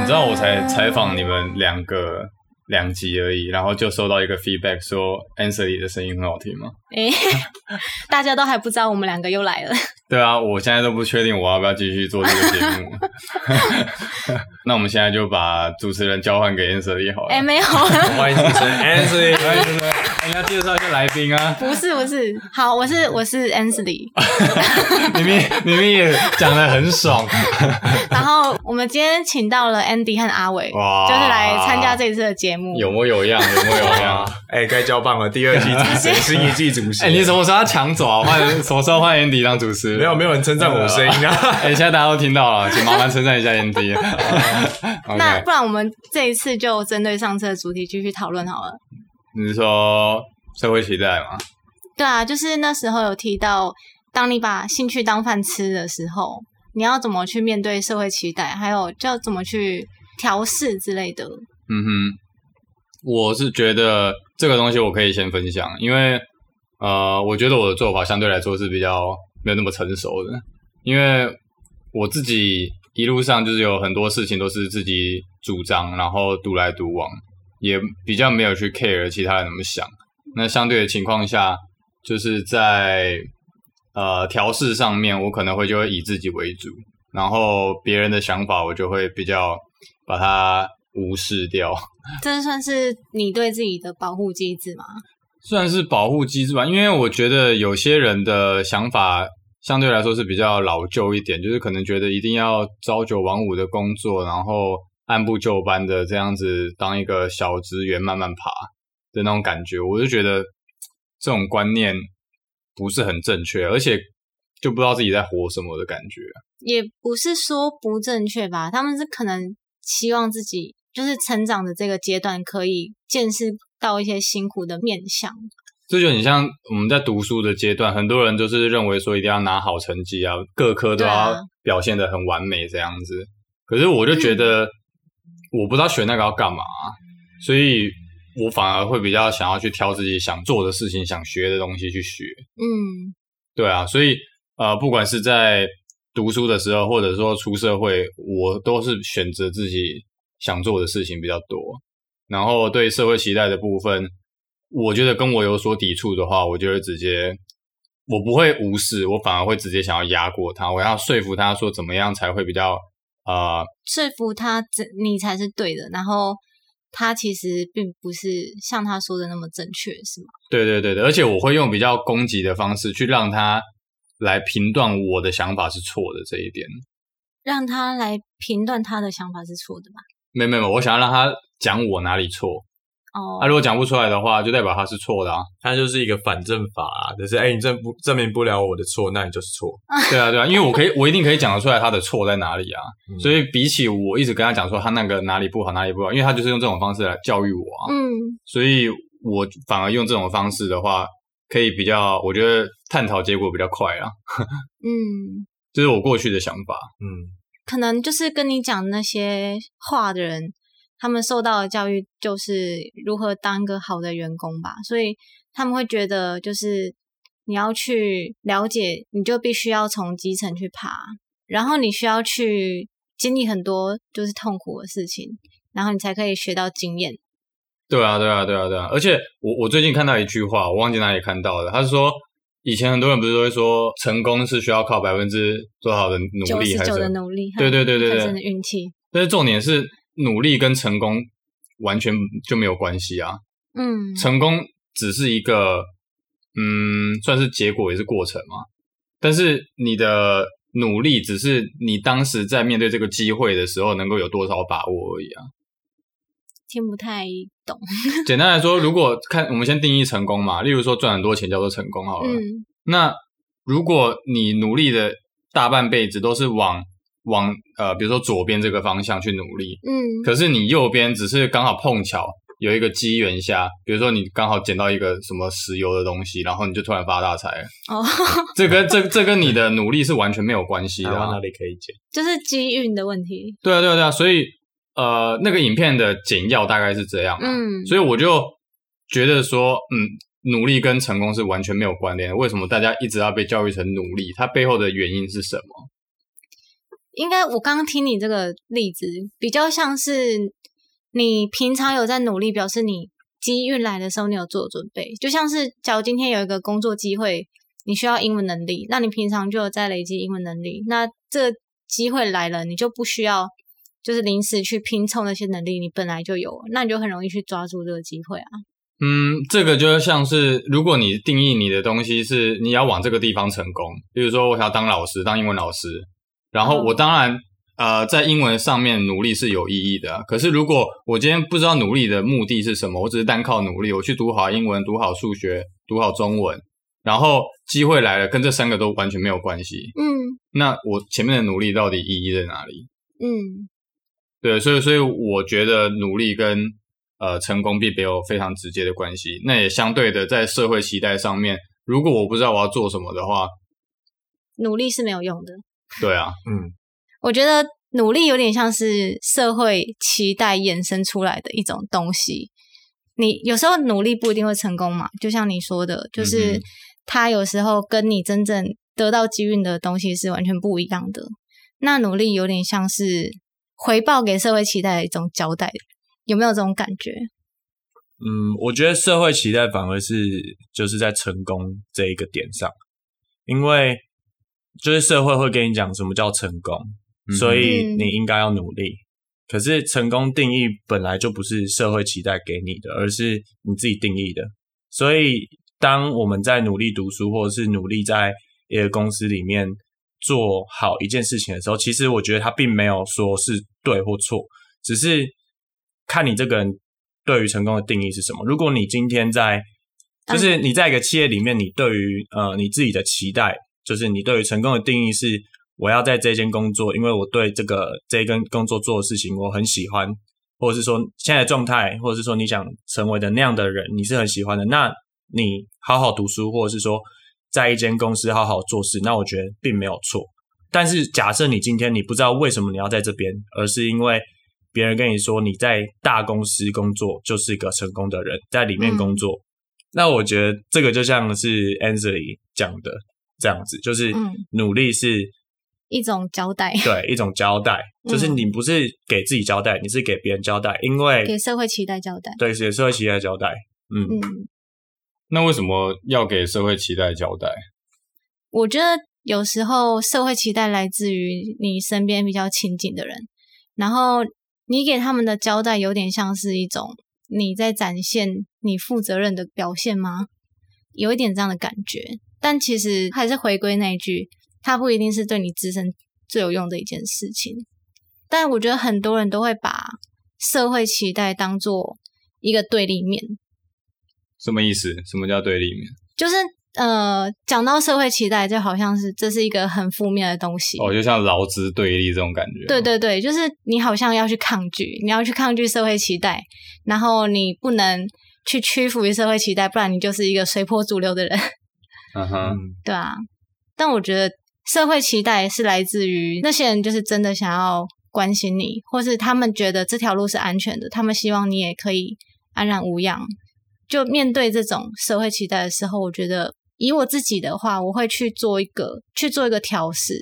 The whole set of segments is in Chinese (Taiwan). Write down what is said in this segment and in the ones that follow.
你知道我才採訪你們兩個兩集而已，然後就收到一個 feedback 說 Annsley 的的聲音很好聽嗎？誒、欸、大家都還不知道我們兩個又來了。 對啊，我現在都不確定我要不要繼續做這個節目。那我們現在就把主持人交換給 Annsley 好了。哎，沒有，歡迎主持人 Annsley，歡迎主持人。你要介紹一下來賓啊？不是不是，好，我是我是 Annsley。你們你們也講得很爽。然後我們今天請到了 Andy 和阿偉，就是來參加這一次的節目。有模有樣，有模有樣。哎，該交棒了，第二季主持人，是一季主持人。哎，你什麼時候要搶走？換，什麼時候換 Andy 當主持？沒有沒有人稱讚我的聲音啊！等一下 現在大家都聽到了，請麻煩稱讚一下 Andy。 Okay 那不然我們這一次就針對上次的主題繼續討論好了。你是說社會期待嗎？對啊，就是那時候有提到，當你把興趣當飯吃的時候，你要怎麼去面對社會期待，還有就要怎麼去調試之類的。嗯哼，我是覺得這個東西我可以先分享，因為呃，我覺得我的做法相對來說是比較。沒有那麼成熟的，因為我自己一路上就是有很多事情都是自己主張，然後獨來獨往，也比較沒有去 care 其他人怎麼想。那相對的情況下，就是在呃調試上面，我可能會就會以自己為主，然後別人的想法我就會比較把它無視掉。這算是你對自己的保護機制嗎？算是保護機制吧，因為我覺得有些人的想法相對來說是比較老舊一點，就是可能覺得一定要朝九晚五的工作，然後按部就班的這樣子當一個小職員慢慢爬的那種感覺，我就覺得這種觀念不是很正確，而且就不知道自己在活什麼的感覺。也不是說不正確吧，他們是可能期望自己。就是成長的這個階段，可以見識到一些辛苦的面向。這就很像我們在讀書的階段，很多人就是認為說一定要拿好成績啊，各科都要表現得很完美這樣子。啊、可是我就覺得，我不知道選那個要幹嘛，啊，嗯、所以我反而會比較想要去挑自己想做的事情，想學的東西去學。嗯，對啊，所以呃，不管是在讀書的時候，或者說出社會，我都是選擇自己。想做的事情比較多。然後對社會期待的部分，我覺得跟我有所抵觸的話，我就會直接，我不會無視，我反而會直接想要壓過他，我要說服他說怎麼樣才會比較，呃，說服他，你才是對的，然後他其實並不是像他說的那麼正確，是嗎？對對對對，而且我會用比較攻擊的方式去讓他來評斷我的想法是錯的這一點，讓他來評斷他的想法是錯的吧。沒有沒有，我想要讓他講我哪裡錯他、oh. 啊、如果講不出來的話，就代表他是錯的啊。他就是一個反證法、啊，就是誒你證不證明不了我的錯，那你就是錯。 對啊，對啊，因為我可以，我一定可以講得出來他的錯在哪裡啊。 所以比起我一直跟他講說他那個哪裡不好，哪裡不好，因為他就是用這種方式來教育我啊。嗯， 所以我反而用這種方式的話，可以比較，我覺得探討結果比較快啊。嗯，這是我過去的想法。 嗯。可能就是跟你講那些話的人，他們受到的教育就是如何當一個好的員工吧，所以他們會覺得就是你要去了解，你就必須要從基層去爬，然後你需要去經歷很多就是痛苦的事情，然後你才可以學到經驗。對啊，對啊，對啊，對啊！而且我我最近看到一句話，我忘記哪裡看到了，他是說。以前很多人不是都會說，成功是需要靠百分之多少的努力還是九十九的努力？對對對對對，真的運氣。但是重點是，努力跟成功完全就沒有關係啊。嗯，成功只是一個，嗯，算是結果也是過程嘛。但是你的努力，只是你當時在面對這個機會的時候，能夠有多少把握而已啊。聽不太懂。簡單來說，如果看我們先定義成功嘛，例如說賺很多錢叫做成功，好了。嗯、那如果你努力的大半輩子都是往往呃，比如說左邊這個方向去努力，嗯。可是你右邊只是剛好碰巧有一個機緣下，比如說你剛好撿到一個什麼石油的東西，然後你就突然發大財。哦。這跟這這跟你的努力是完全沒有關係的啊。啊、哪裡可以撿？就是機運的問題。對啊，對啊，對啊，所以。呃，那個影片的簡要大概是這樣，啊，嗯，所以我就覺得說，嗯，努力跟成功是完全沒有關聯。為什麼大家一直要被教育成努力？它背後的原因是什麼？應該我剛剛聽你這個例子，比較像是你平常有在努力，表示你機運來的時候你有做準備。就像是假如今天有一個工作機會，你需要英文能力，那你平常就有在累積英文能力。那這機會來了，你就不需要。就是臨時去拼湊那些能力，你本來就有，那你就很容易去抓住這個機會啊。嗯，這個就是像是，如果你定義你的東西是你要往這個地方成功，比如說我想要當老師，當英文老師，然後我當然、嗯、呃在英文上面努力是有意義的。可是如果我今天不知道努力的目的是什麼，我只是單靠努力，我去讀好英文，讀好數學，讀好中文，然後機會來了，跟這三個都完全沒有關係。嗯，那我前面的努力到底意義在哪裡？嗯。對，所以所以我覺得努力跟、呃成功並沒有非常直接的關係。那也相對的，在社會期待上面，如果我不知道我要做什麼的話，努力是沒有用的。對啊，嗯，我覺得努力有點像是社會期待衍生出來的一種東西。你有時候努力不一定會成功嘛，就像你說的，就是他有時候跟你真正得到機運的東西是完全不一樣的。那努力有點像是，回報給社會期待的一種交代，有沒有這種感覺？嗯，我覺得社會期待反而是就是在成功這一個點上，因為就是社會會跟你講什麼叫成功，所以你應該要努力。嗯，可是成功定義本來就不是社會期待給你的，而是你自己定義的。所以當我們在努力讀書，或者是努力在一個公司裡面。做好一件事情的時候，其實我覺得他並沒有說是對或錯，只是看你這個人對於成功的定義是什麼。如果你今天在，就是你在一個企業裡面，你對於呃你自己的期待，就是你對於成功的定義是我要在這間工作，因為我對這個這一份工作做的事情我很喜歡，或者是說現在的狀態，或者是說你想成為的那樣的人，你是很喜歡的，那你好好讀書，或者是說。在一間公司好好做事，那我覺得並沒有錯。但是假設你今天你不知道為什麼你要在這邊，而是因為別人跟你說你在大公司工作就是一個成功的人，在裡面工作，嗯、那我覺得這個就像是 Annsley 講的這樣子，就是努力是、嗯、一種交代，對，一種交代，嗯、就是你不是給自己交代，你是給別人交代，因為給社會期待交代，對，是，給社會期待交代，嗯。嗯那為什麼要給社會期待交代？我覺得有時候社會期待來自於你身邊比較親近的人，然後你給他們的交代有點像是一種你在展現你負責任的表現嗎？有一點這樣的感覺，但其實還是回歸那一句，它不一定是對你自身最有用的一件事情。但我覺得很多人都會把社會期待當做一個對立面。什麼意思？什麼叫對立面？就是呃，講到社會期待，就好像是這是一個很負面的東西哦，就像勞資對立這種感覺。對對對，就是你好像要去抗拒，你要去抗拒社會期待，然後你不能去屈服於社會期待，不然你就是一個隨波逐流的人。嗯哼，對啊。但我覺得社會期待是來自於那些人，就是真的想要關心你，或是他們覺得這條路是安全的，他們希望你也可以安然無恙。就面對這種社會期待的時候，我覺得以我自己的話，我會去做一個去做一個調適。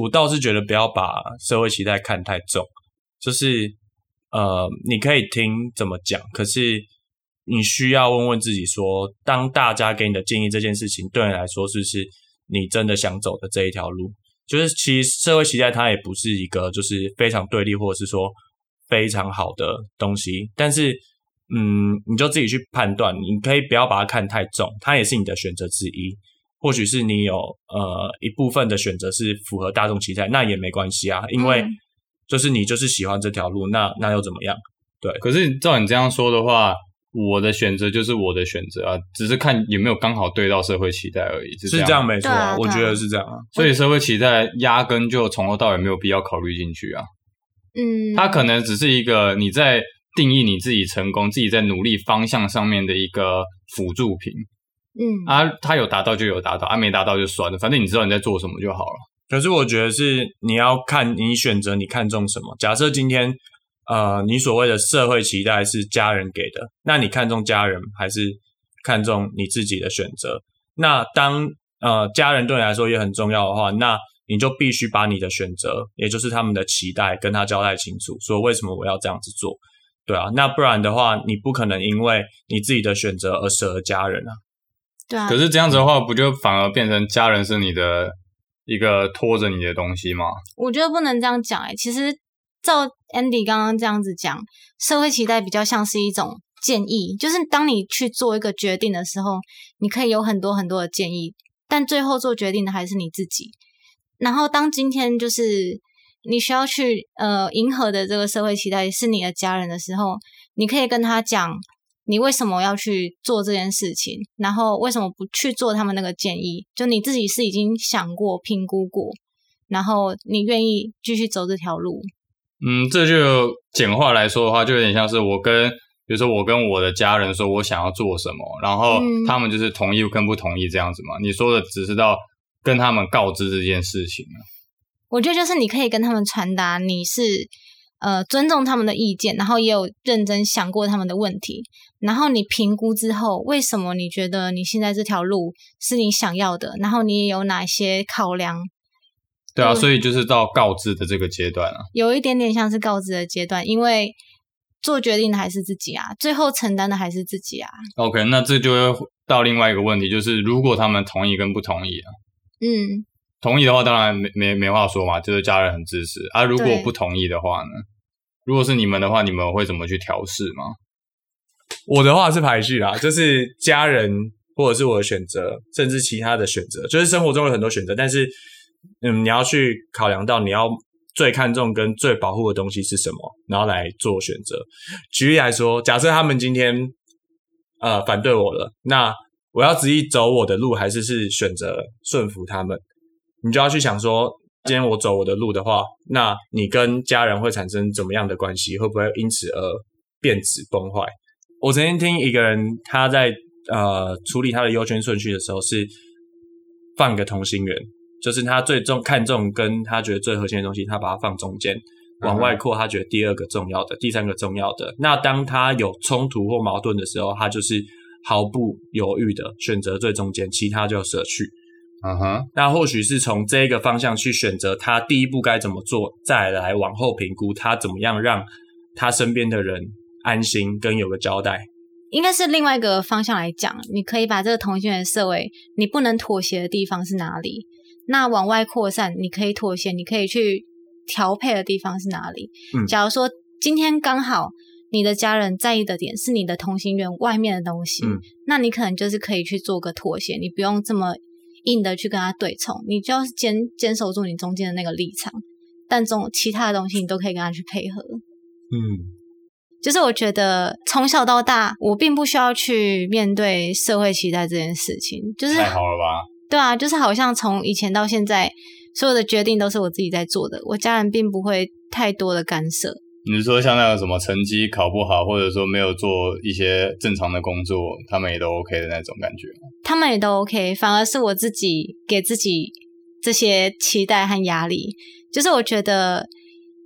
我倒是覺得不要把社會期待看太重，就是呃，你可以聽怎麼講，可是你需要問問自己說，當大家給你的建議這件事情，對你來說是不是你真的想走的這一條路？就是其實社會期待它也不是一個就是非常對立，或者是說非常好的東西，但是。嗯，你就自己去判斷，你可以不要把它看太重，它也是你的選擇之一。或許是你有呃一部分的選擇是符合大眾期待，那也沒關係啊，因為就是你就是喜歡這條路，那那又怎麼樣？對。可是照你這樣說的話，我的選擇就是我的選擇啊，只是看有沒有剛好對到社會期待而已。是這樣。是這樣沒錯啊，對啊，我覺得是這樣啊。所以社會期待壓根就從頭到尾沒有必要考慮進去啊。嗯，它可能只是一個你在。定義你自己成功，自己在努力方向上面的一個輔助品，嗯啊，他有達到就有達到，啊沒達到就算了，反正你知道你在做什麼就好了。可是我覺得是你要看你選擇，你看重什麼。假設今天，呃，你所謂的社會期待是家人給的，那你看重家人還是看重你自己的選擇？那當呃家人對你來說也很重要的話，那你就必須把你的選擇，也就是他們的期待，跟他交代清楚，說為什麼我要這樣子做。對啊，那不然的話，你不可能因為你自己的選擇而捨了家人啊。對啊。可是這樣子的話，不就反而變成家人是你的一個拖着你的東西嗎？我覺得不能這樣講哎。其實，照 Andy 剛剛這樣子講，社會期待比較像是一種建議，就是當你去做一個決定的時候，你可以有很多很多的建議，但最後做決定的還是你自己。然後，當今天就是。你需要去呃迎合的這個社會期待是你的家人的時候，你可以跟他講你為什麼要去做這件事情，然後為什麼不去做他們那個建議，就你自己是已經想過、評估過，然後你願意繼續走這條路。嗯，這就簡化來說的話，就有點像是我跟，比如說我跟我的家人說我想要做什麼，然後他們就是同意跟不同意這樣子嘛？嗯，你說的只是到跟他們告知這件事情。我覺得就是你可以跟他們傳達你是呃尊重他們的意見，然後也有認真想過他們的問題，然後你評估之後，為什麼你覺得你現在這條路是你想要的？然後你有哪些考量？對啊，嗯，所以就是到告知的這個階段了，有一點點像是告知的階段，因為做決定的還是自己啊，最後承擔的還是自己啊。OK，那這就會到另外一個問題，就是如果他們同意跟不同意啊，嗯。同意的話，當然沒沒沒話說嘛，就是家人很支持啊。如果不同意的話呢？對如果是你們的話，你們會怎麼去調試嗎？我的話是排序啦，就是家人或者是我的選擇，甚至其他的選擇，就是生活中有很多選擇，但是嗯，你要去考量到你要最看重跟最保護的東西是什麼，然後來做選擇。舉例來說，假設他們今天呃反對我了，那我要執意走我的路，還是是選擇順服他們？你就要去想說，今天我走我的路的話，那你跟家人會產生怎麼樣的關係？會不會因此而變質崩壞？我曾經聽一個人，他在呃處理他的優先順序的時候，是放個同心圓，就是他最重看重跟他覺得最核心的東西，他把它放中間，往外擴，他覺得第二個重要的，第三個重要的。那當他有衝突或矛盾的時候，他就是毫不猶豫的選擇最中間，其他就要捨去。嗯哼，uh huh。那或許是從這個方向去選擇他第一步該怎麼做，再來往後評估他怎麼樣讓他身邊的人安心跟有個交代。應該是另外一個方向來講，你可以把這個同心圓設為你不能妥協的地方是哪裡？那往外擴散，你可以妥協，你可以去調配的地方是哪裡？嗯，假如說今天剛好你的家人在意的點是你的同心圓外面的東西，嗯，那你可能就是可以去做個妥協，你不用這麼。硬的去跟他對衝，你就要堅堅守住你中間的那個立場，但中其他的東西你都可以跟他去配合。嗯，就是我覺得從小到大，我並不需要去面對社會期待這件事情，就是太好了吧？對啊，就是好像從以前到現在，所有的決定都是我自己在做的，我家人並不會太多的干涉。你是說像那個什麼成績考不好，或者說沒有做一些正常的工作，他們也都 OK 的那種感覺？他們也都 OK，反而是我自己給自己這些期待和壓力。就是我覺得，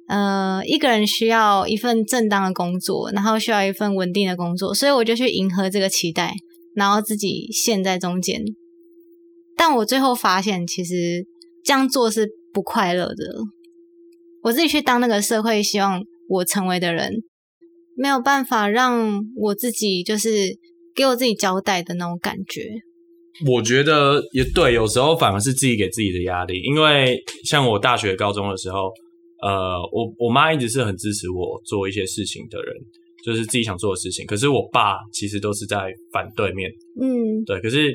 呃，一個人需要一份正當的工作，然後需要一份穩定的工作，所以我就去迎合這個期待，然後自己陷在中間。但我最後發現，其實這樣做是不快樂的。我自己去當那個社會希望。我成為的人沒有辦法讓我自己，就是給我自己交代的那種感覺。我覺得也對，有時候反而是自己給自己的壓力。因為像我大學、高中的時候，呃，我我媽一直是很支持我做一些事情的人，就是自己想做的事情。可是我爸其實都是在反對面，嗯，對。可是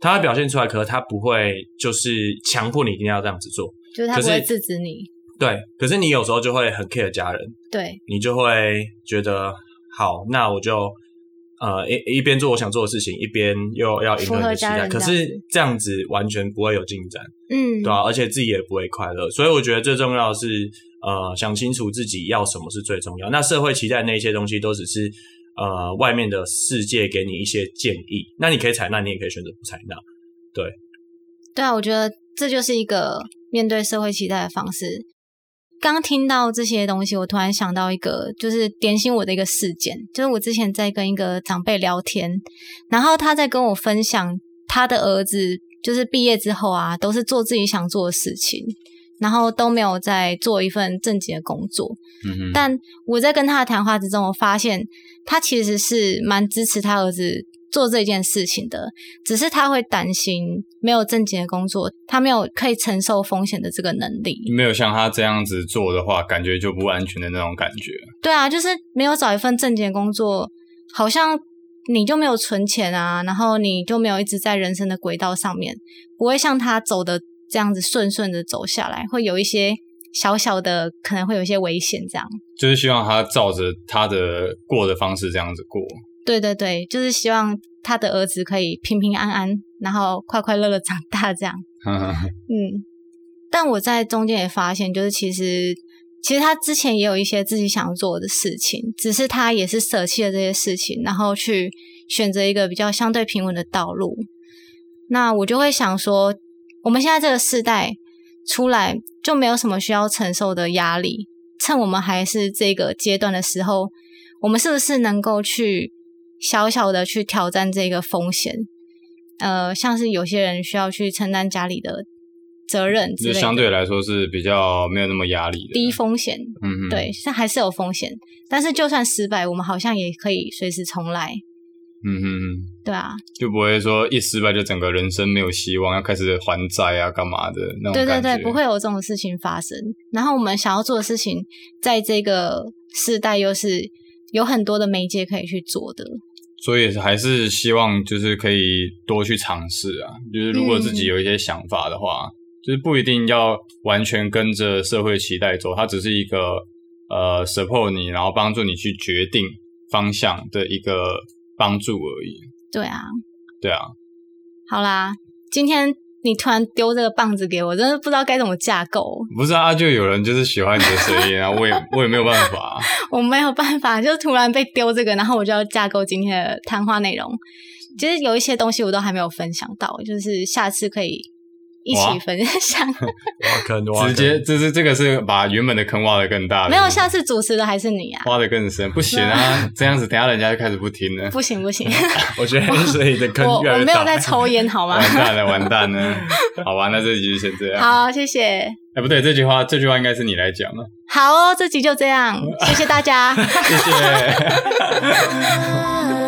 他表現出來，可能他不會就是強迫你一定要這樣子做，就是他不會制止你。對，可是你有時候就會很 care 家人，對，你就會覺得好，那我就呃一一邊做我想做的事情，一邊又要迎合你的期待、家人。可是這樣子完全不會有進展，嗯，對啊，而且自己也不會快樂。所以我覺得最重要的是呃想清楚自己要什麼是最重要。那社會期待的那些東西都只是呃外面的世界給你一些建議，那你可以採納，你也可以選擇不採納。對，對啊，我覺得這就是一個面對社會期待的方式。剛聽到這些東西，我突然想到一個，就是點醒我的一個事件，就是我之前在跟一個長輩聊天，然後他在跟我分享他的兒子，就是畢業之後啊，都是做自己想做的事情，然後都沒有在做一份正經的工作。嗯哼，但我在跟他的談話之中，我發現他其實是蠻支持他兒子做這件事情的，只是他會擔心沒有正經的工作，他沒有可以承受風險的這個能力。沒有像他這樣子做的話，感覺就不安全的那種感覺。對啊，就是沒有找一份正經的工作，好像你就沒有存錢啊，然後你就沒有一直在人生的軌道上面，不會像他走的這樣子順順的走下來，會有一些小小的，可能會有一些危險這樣。就是希望他照着他的過的方式這樣子過。對對對，就是希望他的兒子可以平平安安，然後快快樂樂長大這樣。啊、嗯，但我在中間也發現，就是其實其實他之前也有一些自己想做的事情，只是他也是捨棄了這些事情，然後去選擇一個比較相對平穩的道路。那我就會想說，我們現在這個世代出來就沒有什麼需要承受的壓力，趁我們還是這個階段的時候，我們是不是能夠去？小小的去挑戰這個風險，呃，像是有些人需要去承擔家裡的責任之類的，就相對來說是比較沒有那麼壓力的，低風險，嗯嗯，對，但還是有風險。但是就算失敗，我們好像也可以隨時重來，嗯,嗯嗯，對啊，就不會說一失敗就整個人生沒有希望，要開始還債啊幹嘛的，對對對，不會有這種事情發生。然後我們想要做的事情，在這個時代又是有很多的媒介可以去做的。所以還是希望就是可以多去嘗試啊，就是如果自己有一些想法的話，嗯，就是不一定要完全跟着社會期待走，它只是一個呃 support 你，然後幫助你去決定方向的一個幫助而已。對啊，對啊。好啦，今天。你突然丟這個棒子給我，真的不知道該怎麼架構。不是啊，就有人就是喜歡你的聲音啊， 然後我也我也沒有辦法。 我沒有辦法，就突然被丟這個，然後我就要架構今天的談話內容。其實有一些東西我都還沒有分享到，就是下次可以。一起分享哇，挖坑，直接這是，這個是把原本的坑挖得更大。沒有下次主持的還是你啊，挖得更深不行啊，那這樣子等一下人家就開始不聽了，不行不行，不行 我覺得自己的坑，我沒有在抽菸 好嗎？完蛋了，完蛋了，好完了，這集就先這樣，好，謝謝，哎、欸、不對，這句話這句話應該是你來講了，好哦，這集就這樣，謝謝大家， 謝謝。 啊